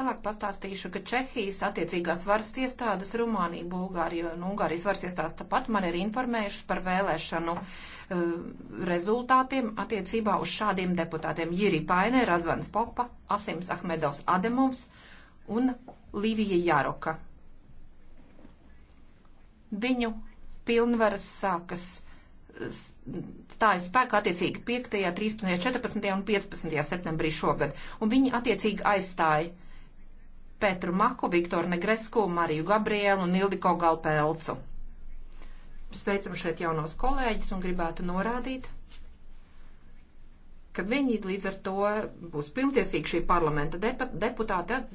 Tālāk pastāstīšu, ka Čehijas attiecīgās varas iestādes Rumānija, Bulgārija un Ungārijas varas iestādes tāpat man ir informējušas par vēlēšanu uh, rezultātiem attiecībā uz šādiem deputātiem Jiri Painē, Razvans Popa, Asims Ahmedovs Ademovs un Līvija Jāroka. Viņu pilnvaras sākas stājas spēkā attiecīgi 5., 13., 14. un 15. septembrī šogad, un viņi attiecīgi aizstāja Petru Maku, Viktoru Negresku, Mariju Gabrielu un Ildiko Galpēlcu. Sveicam šeit jaunos kolēģis un gribētu norādīt, ka viņi līdz ar to būs pilntiesīgi šī parlamenta deputāti.